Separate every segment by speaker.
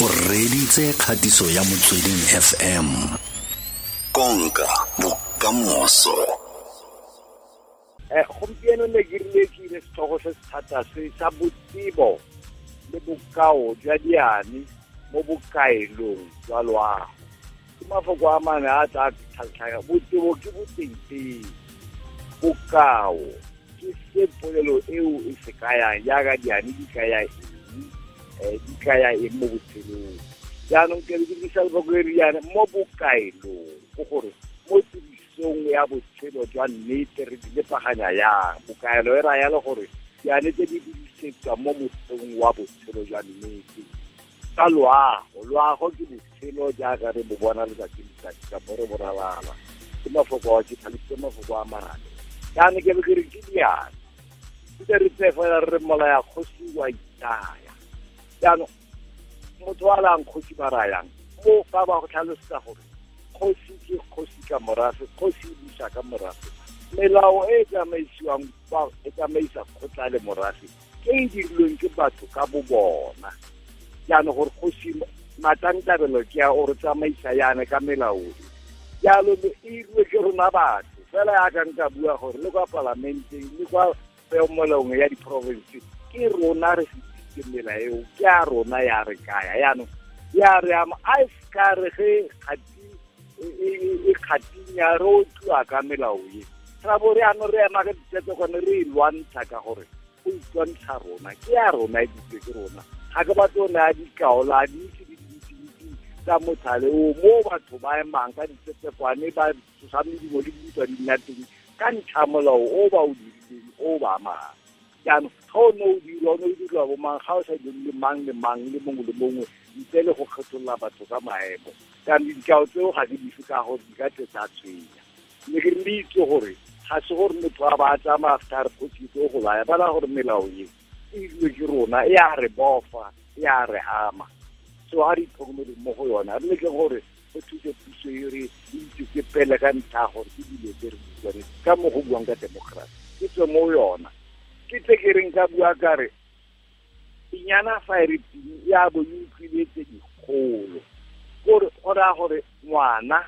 Speaker 1: o reditse kgatiso ya motsweding fm konka bokamoso um gompieno ne ke rilekile setogo se se thata se sa botsibo le bokao jwa diane mo bokaelong jwa loago ke mafoko a mane a tsa tlhatlhaga botsibo ke botengteng bokao ke sepolelo eo e se kayang jaaka diane di kayang um eh, ditlaya eng mo botshelong jaanong ke ke dirisa lebakore yana mo bokaelong ko gore mo tirisong ya botshelo jwa nnete re di lepaganya jang bokaelo e raya le gore diane tse di dirisetswa mo mothong wa botshelo jwa nnete ka loago loago ke botshelo jaaka re bo bona letsatsi letsatsi ka mo re boralala ke mafoko a ke mafoko a mane jaanong ke be ke re ke diane tse re tsefela re re molaya kgosi wa itaya jaanong motho a lang kgosi ba rayang mo ba ba go tlhalosetsa gore kgosi ke kgosi ka morafe kgosi e busa ka morafe melao e tsamaisiwang e tsamaisa kgotla le morafe ke e dirilweng ke batho ka bo bona jaanong gore kgosi matlantlabelo ke ya o re tsamaisa yane ka melao jalo e, e irilwe ke rona batho fela yaka nka bua gore le kwa palamenteng le kwa peomolaong ya di-province ke rona re se ke mela eo ke a ya rona ya re kaya yaanong ya re ama a e ka re ge kgati e kgatinya re o tlwa ka melao e ra bo re ano re ema ka ditsetso gone re e lwantsha ka gore go itwantsha rona ke ya rona e ditse ke rona ga ke batlo o naya dikaola dintsi didididi tsa motlhale o mo batho ba emang ka ditsetsekwane ba tsosa medimo le dintwa di nna teng ka ntlha ya molao o ba o dirileng o ba amang jaanong ga o ne o dira o ne o dira bo mang ga o sa dire le mang le mang le mongwe le mongwe ntle go kgetholola batho ka maemo kanti dikao tseo ga di dife ka gore di ka tsetsa tshwenya mme ke re itse gore ga se gore motho a ba a tsamaya after repotito go baya bala gore melao eo e dilwe ke rona e a re bofa e a re ama so a re itlhokomele mo go yona re leke gore go thuse puso e re e itsetse pele ka ntlha ya gore ke dilo tse re ka mo go buang ka democracy ke tswe mo yona ke tle ke reng ka bua ka re pinyana fa e re pin ya bo e utlwiletse dikgolo gore go raya gore ngwana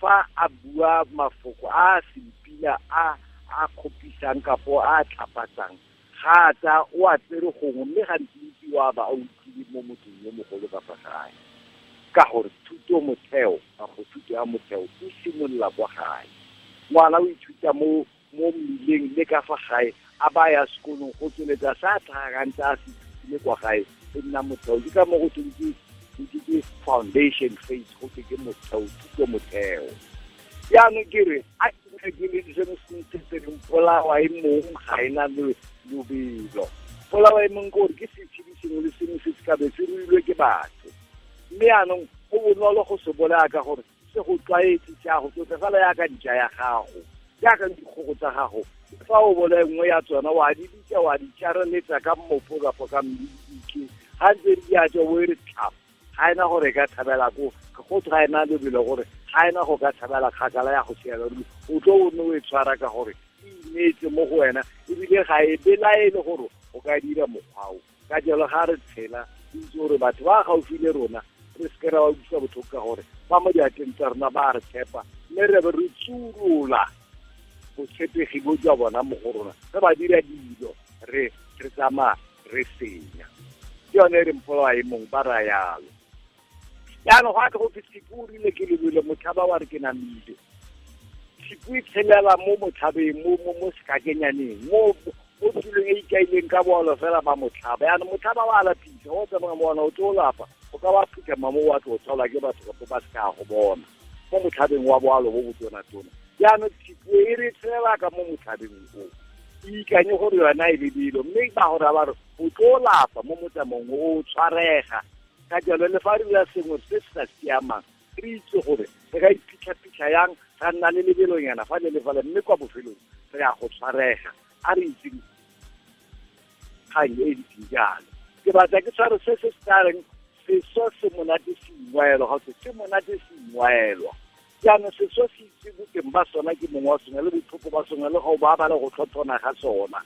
Speaker 1: fa a bua mafoko a a sempila a a kgopisang kapo a tlhapatsang ga a tsa o a tsere gongwe mme gantsi wa ba a utlwile mo mothong yo mogolo ka fa gae ka gore thuto motheo ka go thuto ya motheo e simolola kwa gae ngwana o ithuta mo mmileng le ka fa gae baya sekolong go tsweletsa sa tlhagang a se le kwa gae e nna ke ka mo go tshwanetse ke foundation phase go ke ke motheo tuto motheo yaanong ke re a ke seno polawa e mong ga ena lobelo polawa e mong ke gore ke setshedi sengwe le sengwe se se ka be se ruilwe ke batho mme yaanong go bonolo go se bolaya ka gore se go tlwaetse jago tsotlhe fela yaka ntja ya gago jaaka dikgogo tsa gago fa o bona nngwe ya tsona wa di ditse wa di tsareletsa ka mmopo kapo ka mmediki ga ntse di atse bo ere tlhapa ga ena gore e ka thabela ko go ga ena lebelo gore ga ena go ka thabela kgakala ya go siela ru o tlo o ne o e tshwara ka gore e inetse mo go wena ebile ga e belaele gore o ka dira mokgwao ka jalo ga re tshela itse e gore batho ba gaufile rona re seke re ba utlwisa botlhoko ka gore ba mo diateng tsa rona ba re tshepa mme re be re tsurola botshepegi bo jwa bona mo go rona re ba dira dilo re re tsamaya re senya ke yone e re mpolowa e mong ba rayalo yalo jaanong go a ke go o rile ke lebile motlhaba wa re ke namile sepu e tshelela mo motlhabeng mo sekakenyaneng mo o tulong e ikaileng ka boalo fela ba motlhaba yaanong motlhaba wa alapisa o tsamaya mo ona o tse o lapa o ka ba phuthema mo wa tlo o tshwalwa ke batho kapo ba se go bona mo motlhabeng wa boalo bo bo tona tona jaanong tshitso e re tshela ka mo motlhabeng o e ikanye gore yona e le dilo mme ba gore ba re o tlo l a p a mo motsamong o tshwarega ka jalo le fa re dira sengwe se se sa siamang re itse gore re ka iphitlha-phitlha yang ra nna le lebelonyana fa le lefale mme kwa bofelong re ya go tshwarega a re itseng kgang e ntseng jalo ke batla ke tshware se se se tareng seso se monate se ingwaelwa ga s o se monate se ingwaelwa jaanong seso se itse boteng ba sona ke mongwe wa sona le botlhoko ba sona le go ba ba le go tlhotlhona ga sona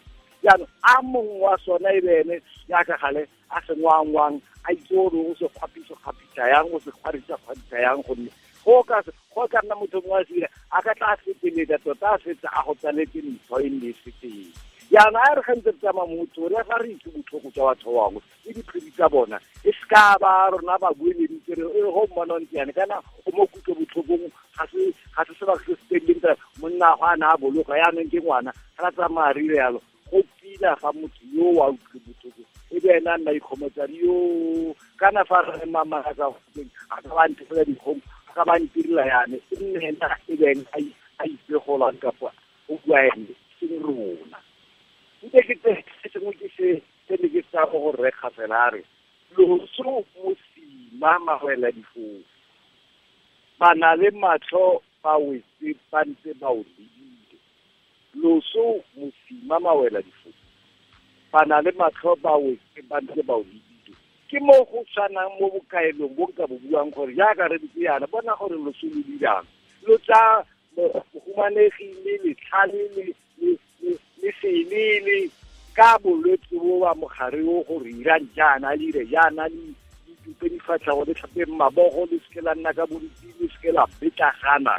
Speaker 1: jaanong a mongwe wa sona e be ene yaka gale a se ngwangwang a itse ore o se kgwapiso-kgwapitsa yang o se kgwarisa-kgwarisa yang gonne go ka go ka nna motho mongwe a se dira a ka tla a feteletsa tota a fetsa a go tsanetse ntho e nne e feteng jaana a re ga ntse re tsamaya mo go re ga re itse botlhoko jwa batho bangwe le dikgwedi tsa bona e seka ba rona ba bueleditse e re e go mmona ntse yane kana o mo kutlwe botlhokong ga se sebaka se se teleleng tsa monna go a ne a boloka yaanong ke ngwana ga tsamaya rile yalo go pila fa motho yo wa utlwe botlhoko e be ena a nna ikgomotsadi yo kana fa re mamakatsa goteng a ka ba ntifela dikgomo a ka ba yane e nne ena e be ena a ipegolang kapa o bua ene tsa go go rekga fela a re loso mosima mawela difou ba na le matlho ba wetse ba ntse ba o lebile loso mosima mawela difou ba na le matlho ba wetse ba ntse ba o lebile ke mo go tshwanang mo bokaelong bo nka bo buang gore jaaka re ditse yana bona gore loso le dirang lo tsa humanegile letlhale le selele ka bolwetse bo ba mogare o gore irang jaana le ire jaana le ditupe difatlhago le tlhape mabogo le seke la nna ka bolwetse le seke la betagana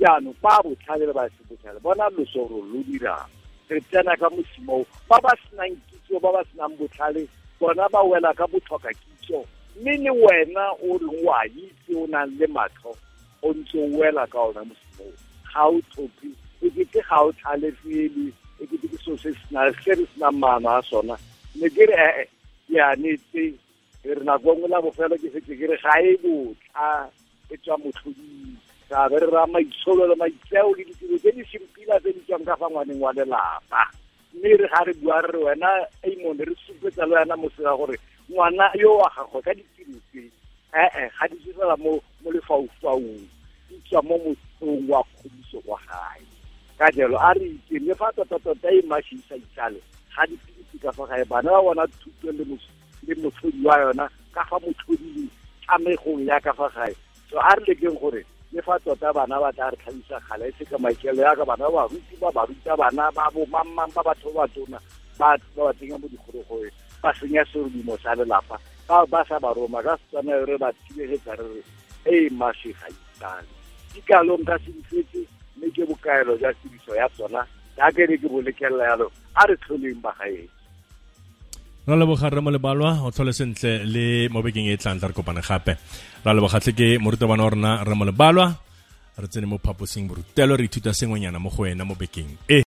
Speaker 1: jaanong ba botlhale le ba sebotlhale bona loso gore lo dirang re tsena ka mosimoo ba ba senang kitso ba ba senang botlhale bona ba wela ka botlhoka kitso mme ne wena o reng o a itse o nang le matlho o ntse o wela ka ona mosimoo ga o tlhophe e kete ga o tlhalefele e kete ke six na series na mana sona ne ke re eh, eh, ya ne tse re na go e ngola bofelo ke se ke re ga e botla e tswa motlhoding ra be re ra maitsholo le maitseo le ditiro tse di simpila tse di tswang ka fa ngwaneng wa lelapa mme re ga re bua re wena aimone re supetsa le wena mosega gore ngwana yo wa gago ka ditiro tse ee eh, ga di direla mo lefaufaung di tswa mo motsong wa kgodiso wa gae ka jalo a re ke le fa tota-tota e mashisa itsale ga dipilisi ka fa gae bana ba bona thuto le motlhodi wa yona ka fa motlhodi motlhodile tsamegong ya ka fa gae so a re lekeng gore le fa tota bana ba tla re tlhabisa kgala e se ka maikelo yaka bana ba baruti ba baruta bana ba bo mammang ba batho ba batona ba ba ba tsenya mo dikgorogoeng ba senya serodimo sa lelapa ba ba sa ba roma ka setswana re ba thibegetsa re re e mashe ga itsale dikalong ka se difetse mme ke bokaelo ja tiriso ya tsona jaaka ne ke bolekelela yalo a re tlholeng bagaeng ra leboga re mo lebalwa o tlhole sentle le mo bekeng e e tlang tla re kopane gape ra lebogatlhe ke morutabana wa rona re mo lebalwa re tsene mo phaposing borutelo re ithuta sengwenyana mo go wena mo bekeng e